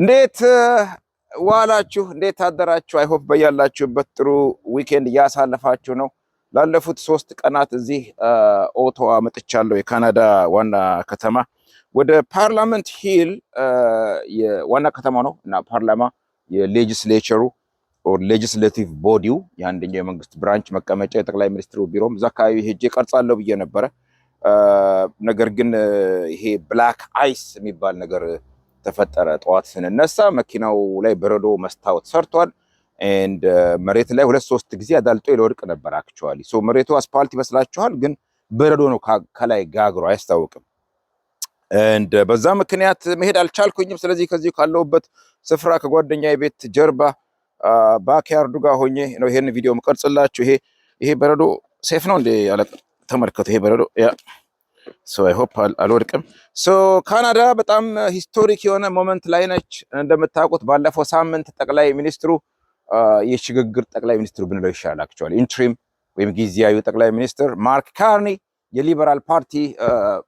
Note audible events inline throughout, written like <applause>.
እንዴት ዋላችሁ? እንዴት ታደራችሁ? አይሆፕ በያላችሁበት ጥሩ ዊኬንድ እያሳለፋችሁ ነው። ላለፉት ሶስት ቀናት እዚህ ኦቶዋ መጥቻለሁ፣ የካናዳ ዋና ከተማ ወደ ፓርላመንት ሂል ዋና ከተማ ነው እና ፓርላማ የሌጅስሌቸሩ ሌጅስሌቲቭ ቦዲው የአንደኛው የመንግስት ብራንች መቀመጫ የጠቅላይ ሚኒስትሩ ቢሮም እዛ አካባቢ ሄጄ ቀርጻለሁ ብዬ ነበረ። ነገር ግን ይሄ ብላክ አይስ የሚባል ነገር ተፈጠረ። ጠዋት ስንነሳ መኪናው ላይ በረዶ መስታወት ሰርቷል። ኤንድ uh, መሬት ላይ ሁለት ሶስት ጊዜ አዳልጦ ይወድቅ ነበር። አክቹዋሊ ሶ መሬቱ አስፓልት ይመስላችኋል፣ ግን በረዶ ነው ከላይ ጋግሮ አያስታውቅም። ኤንድ uh, በዛ ምክንያት መሄድ አልቻልኩኝም። ስለዚህ ከዚህ ካለሁበት ስፍራ ከጓደኛ ቤት ጀርባ uh, ባክያርዱ ጋር ሆኜ ነው ይሄን ቪዲዮ ምቀርጽላችሁ። ይሄ ይሄ በረዶ ሴፍ ነው እንዴ? ተመልከቱ። ይሄ በረዶ ያ አይሆፕ አልወድቅም። ካናዳ በጣም ሂስቶሪክ uh, የሆነ ሞመንት ላይ ነች። እንደምታውቁት ባለፈው ሳምንት ጠቅላይ ሚኒስትሩ uh, የሽግግር ጠቅላይ ሚኒስትሩ ብንለው ይሻላቸዋል። ኢንትሪም ወይም ጊዜያዊ ጠቅላይ ሚኒስትር ማርክ ካርኒ የሊበራል ፓርቲ uh,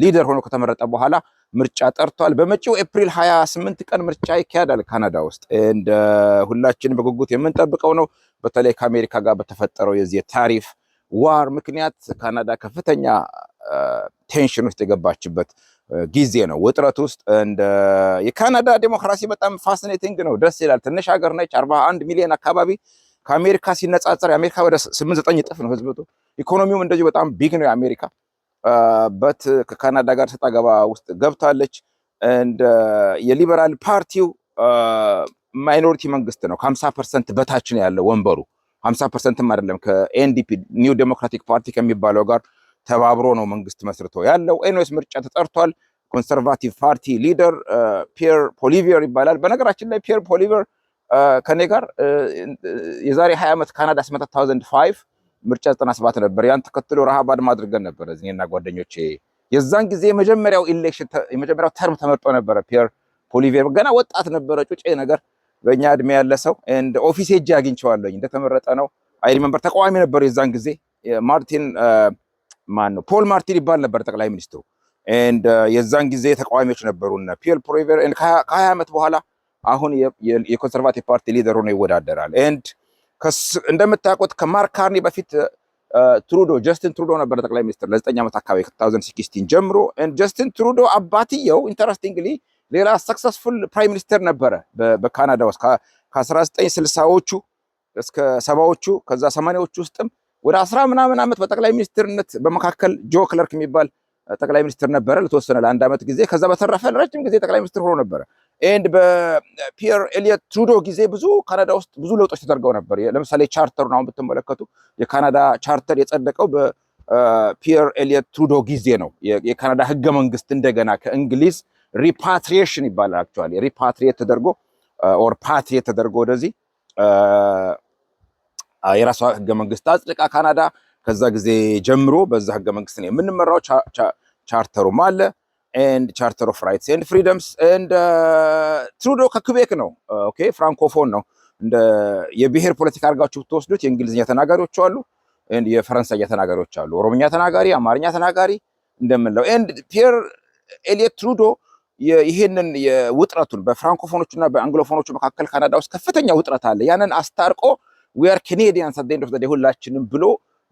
ሊደር ሆኖ ከተመረጠ በኋላ ምርጫ ጠርቷል። በመጪው ኤፕሪል 28 ቀን ምርጫ ይካሄዳል ካናዳ ውስጥ። እንደ ሁላችን በጉጉት የምንጠብቀው ነው። በተለይ ከአሜሪካ ጋር በተፈጠረው የዚህ የታሪፍ ዋር ምክንያት ካናዳ ከፍተኛ ቴንሽን ውስጥ የገባችበት ጊዜ ነው፣ ውጥረት ውስጥ። እንደ የካናዳ ዴሞክራሲ በጣም ፋሲኔቲንግ ነው፣ ደስ ይላል። ትንሽ ሀገር ነች፣ 41 ሚሊዮን አካባቢ ከአሜሪካ ሲነጻጸር የአሜሪካ ወደ ዘጠኝ እጥፍ ነው ህዝብ። ኢኮኖሚውም እንደዚሁ በጣም ቢግ ነው የአሜሪካ በት ከካናዳ ጋር ሰጣ ገባ ውስጥ ገብታለች። እንደ የሊበራል ፓርቲው ማይኖሪቲ መንግስት ነው፣ ከ50 ፐርሰንት በታች ነው ያለው ወንበሩ ሀምሳ ፐርሰንትም አይደለም ከኤንዲፒ ኒው ዴሞክራቲክ ፓርቲ ከሚባለው ጋር ተባብሮ ነው መንግስት መስርቶ ያለው። ኤንስ ምርጫ ተጠርቷል። ኮንሰርቫቲቭ ፓርቲ ሊደር ፒየር ፖሊቪየር ይባላል። በነገራችን ላይ ፒየር ፖሊቪየር ከኔ ጋር የዛሬ ሀያ ዓመት ካናዳ ስመታ 2005 ምርጫ 97 ነበር። ያን ተከትሎ ረሃብ አድማ አድርገን ነበር እኔና ጓደኞቼ። የዛን ጊዜ የመጀመሪያው ኢሌክሽን የመጀመሪያው ተርም ተመርጦ ነበረ። ፒየር ፖሊቪየር ገና ወጣት ነበረ፣ ጩጬ ነገር በእኛ እድሜ ያለ ሰው ኦፊስ ሄጄ አግኝቼዋለሁኝ። እንደተመረጠ ነው አይሪ መንበር ተቃዋሚ ነበሩ የዛን ጊዜ ማርቲን ማን ነው ፖል ማርቲን ይባል ነበር ጠቅላይ ሚኒስትሩ። የዛን ጊዜ ተቃዋሚዎች ነበሩ ፒል ፕሮቨር ፖሊቬራ። ከሀያ ዓመት በኋላ አሁን የኮንሰርቫቲቭ ፓርቲ ሊደር ሆኖ ይወዳደራል። እንደምታውቁት ከማርክ ካርኒ በፊት ትሩዶ ጀስትን ትሩዶ ነበር ጠቅላይ ሚኒስትር ለዘጠኝ ዓመት አካባቢ ከ2016 ጀምሮ። ጀስትን ትሩዶ አባትየው ኢንተረስቲንግሊ ሌላ ሰክሰስፉል ፕራይም ሚኒስተር ነበረ በካናዳ ውስጥ ከ1960ዎቹ እስከ ሰባዎቹ ከዛ ሰማኒያዎቹ ውስጥም ወደ አስራ ምናምን ዓመት በጠቅላይ ሚኒስትርነት በመካከል ጆ ክለርክ የሚባል ጠቅላይ ሚኒስትር ነበረ ለተወሰነ ለአንድ ዓመት ጊዜ። ከዛ በተረፈ ለረጅም ጊዜ ጠቅላይ ሚኒስትር ሆኖ ነበረ። ኤንድ በፒየር ኤሊየት ትሩዶ ጊዜ ብዙ ካናዳ ውስጥ ብዙ ለውጦች ተደርገው ነበር። ለምሳሌ ቻርተሩን አሁን ብትመለከቱ የካናዳ ቻርተር የጸደቀው በፒየር ኤሊየት ትሩዶ ጊዜ ነው። የካናዳ ህገ መንግስት እንደገና ከእንግሊዝ ሪፓትሪሽን ይባላል። አክቹዋሊ ሪፓትሪየት ተደርጎ ኦር ፓትሪየት ተደርጎ ወደዚህ የራሷ ህገ መንግስት አጽድቃ ካናዳ ከዛ ጊዜ ጀምሮ በዛ ህገ መንግስት ነው የምንመራው። ቻርተሩም አለ ኤንድ ቻርተር ኦፍ ራይትስ ኤንድ ፍሪደምስ ኤንድ ትሩዶ ከክቤክ ነው። ኦኬ ፍራንኮፎን ነው። እንደ የብሔር ፖለቲካ አድርጋችሁ ብትወስዱት የእንግሊዝኛ ተናጋሪዎች አሉ፣ የፈረንሳይኛ ተናጋሪዎች አሉ፣ ኦሮምኛ ተናጋሪ፣ አማርኛ ተናጋሪ እንደምንለው ኤንድ ፒየር ኤሊየት ትሩዶ ይሄንን የውጥረቱን እና በአንግሎፎኖቹ መካከል ካናዳ ውስጥ ከፍተኛ ውጥረት አለ። ያንን አስታርቆ ዊአር ኬኔዲያን አት ኤንድ ኦፍ ዘ ሁላችንም ብሎ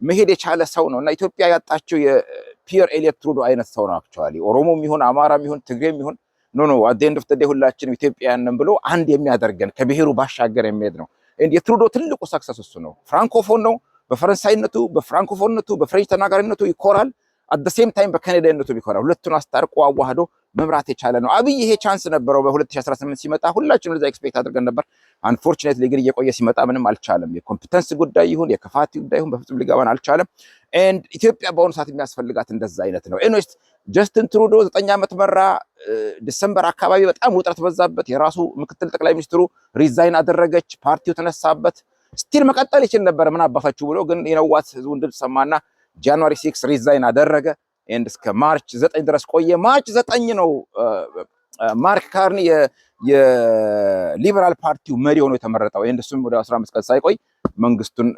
መሄድ የቻለ ሰው ነው እና ኢትዮጵያ ያጣቸው የፒየር ኤሊዮት ትሩዶ አይነት ሰው ነው። አክቹዋሊ ኦሮሞም ይሁን አማራም ይሁን ትግሬም ይሁን ኖ ኖ አት ኤንድ ኦፍ ዘ ሁላችንም ኢትዮጵያውያን ብሎ አንድ የሚያደርገን ከብሔሩ ባሻገር የሚሄድ ነው። የትሩዶ ትልቁ ሰክሰስ እሱ ነው። ፍራንኮፎን ነው። በፈረንሳይነቱ በፍራንኮፎንነቱ በፍሬንች ተናጋሪነቱ ይኮራል። አት ሴም ታይም በካናዳነቱ ይኮራል። ሁለቱን አስታርቆ አዋህዶ መምራት የቻለ ነው። አብይ ይሄ ቻንስ ነበረው። በ2018 ሲመጣ ሁላችን ለዛ ኤክስፔክት አድርገን ነበር። አንፎርቹኔትሊ ግን እየቆየ ሲመጣ ምንም አልቻለም። የኮምፒተንስ ጉዳይ ይሁን የክፋት ጉዳይ ይሁን በፍጹም ሊገባን አልቻለም። ኤንድ ኢትዮጵያ በአሁኑ ሰዓት የሚያስፈልጋት እንደዛ አይነት ነው። ኤኒዌይስ ጀስትን ትሩዶ ዘጠኝ ዓመት መራ። ዲሰምበር አካባቢ በጣም ውጥረት በዛበት። የራሱ ምክትል ጠቅላይ ሚኒስትሩ ሪዛይን አደረገች። ፓርቲው ተነሳበት። ስቲል መቀጠል ይችል ነበር ምን አባታችሁ ብሎ ግን የነዋት ህዝቡን ድምፅ ሰማና ጃንዋሪ ሲክስ ሪዛይን አደረገ። ኤንድ እስከ ማርች ዘጠኝ ድረስ ቆየ። ማርች ዘጠኝ ነው ማርክ ካርኒ የሊበራል ፓርቲው መሪ ሆኖ የተመረጠው። ኤንድ እሱም ወደ 15 ቀን ሳይቆይ መንግስቱን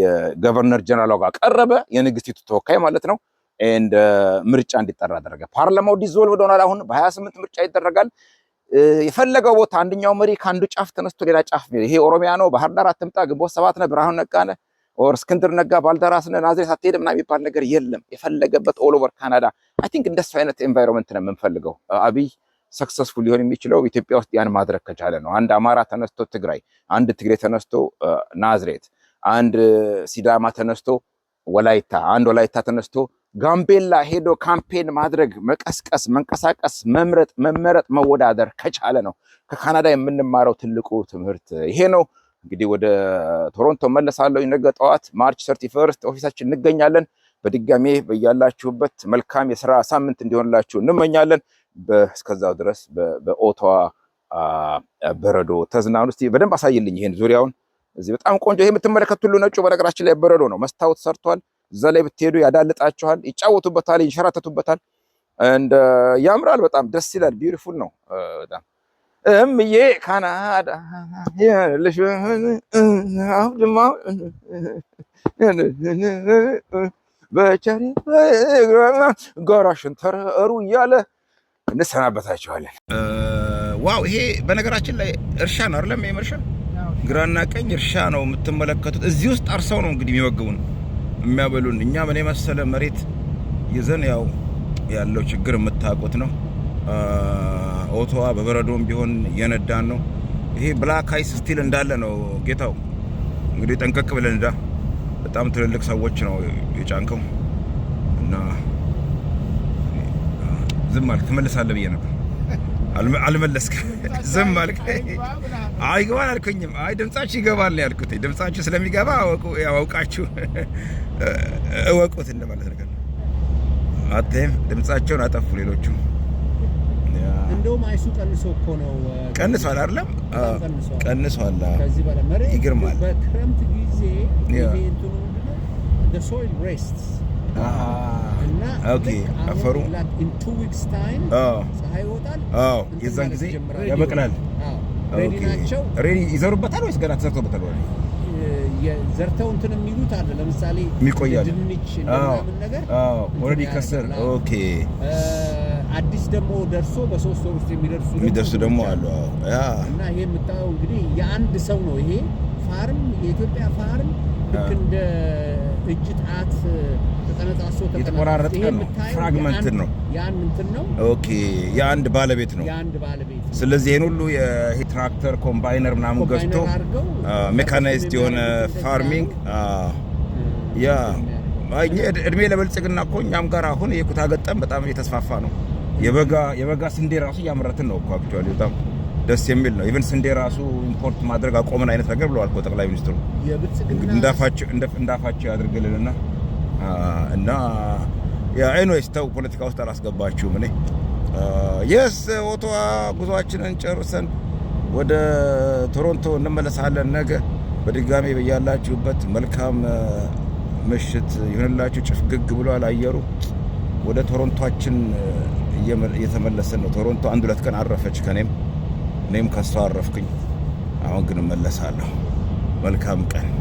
የገቨርነር ጀነራል ጋር ቀረበ፣ የንግስቲቱ ተወካይ ማለት ነው። ኤንድ ምርጫ እንዲጠራ አደረገ። ፓርላማው ዲዞልቭድ ሆኗል። አሁን በ28 ምርጫ ይደረጋል። የፈለገው ቦታ አንደኛው መሪ ከአንዱ ጫፍ ተነስቶ ሌላ ጫፍ ይሄ ኦሮሚያ ነው፣ ባህር ዳር አትምጣ፣ ግንቦት ሰባት ነህ፣ ብርሃኑ ነጋ ነህ ኦር እስክንድር ነጋ ባልደራስነ ናዝሬት አትሄድም ምናምን የሚባል ነገር የለም። የፈለገበት ኦል ኦቨር ካናዳ አይ ቲንክ እንደሱ አይነት ኤንቫይሮንመንት ነው የምንፈልገው። አብይ ሰክሰስፉል ሊሆን የሚችለው ኢትዮጵያ ውስጥ ያን ማድረግ ከቻለ ነው። አንድ አማራ ተነስቶ ትግራይ፣ አንድ ትግሬ ተነስቶ ናዝሬት፣ አንድ ሲዳማ ተነስቶ ወላይታ፣ አንድ ወላይታ ተነስቶ ጋምቤላ ሄዶ ካምፔን ማድረግ መቀስቀስ፣ መንቀሳቀስ፣ መምረጥ፣ መመረጥ፣ መወዳደር ከቻለ ነው ከካናዳ የምንማረው ትልቁ ትምህርት ይሄ ነው። እንግዲህ ወደ ቶሮንቶ መለሳለሁ። ነገ ጠዋት ማርች 31 ኦፊሳችን እንገኛለን። በድጋሜ በያላችሁበት መልካም የስራ ሳምንት እንዲሆንላችሁ እንመኛለን። እስከዛው ድረስ በኦታዋ በረዶ ተዝናኑ። እስኪ በደንብ አሳይልኝ ይህን ዙሪያውን እዚህ በጣም ቆንጆ ይሄ የምትመለከቱ ሁሉ ነጩ በነገራችን ላይ በረዶ ነው። መስታወት ሰርቷል። እዛ ላይ ብትሄዱ ያዳልጣችኋል፣ ይጫወቱበታል፣ ይንሸራተቱበታል። እንደ ያምራል። በጣም ደስ ይላል። ቢዩቲፉል ነው በጣም እምዬ ካናዳ የለሽ አውድማ በቸሪ ጋራሽን ተረሩ እያለ እንሰናበታቸዋለን። ዋው! ይሄ በነገራችን ላይ እርሻ ነው አይደለም? ይሄም እርሻ ግራና ቀኝ እርሻ ነው የምትመለከቱት። እዚህ ውስጥ አርሰው ነው እንግዲህ የሚመግቡን የሚያበሉን። እኛ ምን የመሰለ መሬት ይዘን ያው ያለው ችግር የምታውቁት ነው። ኦቶዋ በበረዶም ቢሆን እየነዳን ነው። ይሄ ብላክ አይስ ስቲል እንዳለ ነው ጌታው። እንግዲህ ጠንቀቅ ብለን እንዳ በጣም ትልልቅ ሰዎች ነው የጫንከው እና ዝም አልክ። ትመልሳለህ ብዬ ነበር አልመለስክም። ዝም አልክ። አይገባል አልኩኝም። አይ ድምጻችሁ ይገባል ነው ያልኩት። ድምጻችሁ ስለሚገባ አወቁ፣ አውቃችሁ <laughs> እወቁት እንደማለት ነገር ነው። አትም ድምጻቸውን አጠፉ ሌሎቹ። እንደውም ቀንሶ እኮ ነው ቀንሷል፣ አይደለም ቀንሷል። ከዚህ በላይ መሬት ይገርማል። በክረምት ጊዜ ሶይል ሬስት አፈሩ ፀሐይ ይወጣል። የዛን ጊዜ ያበቅላል። ሬዲ ይዘሩበታል ወይስ ገና ተዘርቶበታል? ዘርተው እንትን የሚሉት አለ። ለምሳሌ የሚቆያል ድንች ነገር ኦልሬዲ ከስር ኦኬ አዲስ ደግሞ ደርሶ በሶስት ወር ውስጥ የሚደርሱ የሚደርሱ ደግሞ አሉ። ያ እና ይሄ የምታየው እንግዲህ የአንድ ሰው ነው። ይሄ ፋርም የኢትዮጵያ ፋርም ልክ እንደ እጅ ጣት ተጠነጣሶ የተቆራረጠ ነው። ፍራግመንት ነው። ያን እንትን ነው። ኦኬ የአንድ ባለቤት ነው። የአንድ ባለቤት ስለዚህ ይሄን ሁሉ የትራክተር ኮምባይነር ምናምን ገዝቶ ሜካናይዝድ የሆነ ፋርሚንግ ያ እድሜ ለብልጽግና እኮ እኛም ጋር አሁን የኩታ ገጠም በጣም እየተስፋፋ ነው። የበጋ የበጋ ስንዴ ራሱ እያመረትን ነው እኮ አክቹዋሊ በጣም ደስ የሚል ነው። ኢቨን ስንዴ ራሱ ኢምፖርት ማድረግ አቆምን አይነት ነገር ብለዋል እኮ ጠቅላይ ሚኒስትሩ እንዳፋቸው እንዳፋቸው ያድርግልንና እና ያ ኤኒዌይስ ተው ፖለቲካ ውስጥ አላስገባችሁም። እኔ የስ ኦቶዋ ጉዟችንን ጨርሰን ወደ ቶሮንቶ እንመለሳለን ነገ። በድጋሚ በያላችሁበት መልካም ምሽት ይሁንላችሁ። ጭፍግግ ብሏል አየሩ። ወደ ቶሮንቶአችን እየተመለስን ነው። ቶሮንቶ አንድ ሁለት ቀን አረፈች ከኔም እኔም ከሷ አረፍኩኝ። አሁን ግን እመለሳለሁ። መልካም ቀን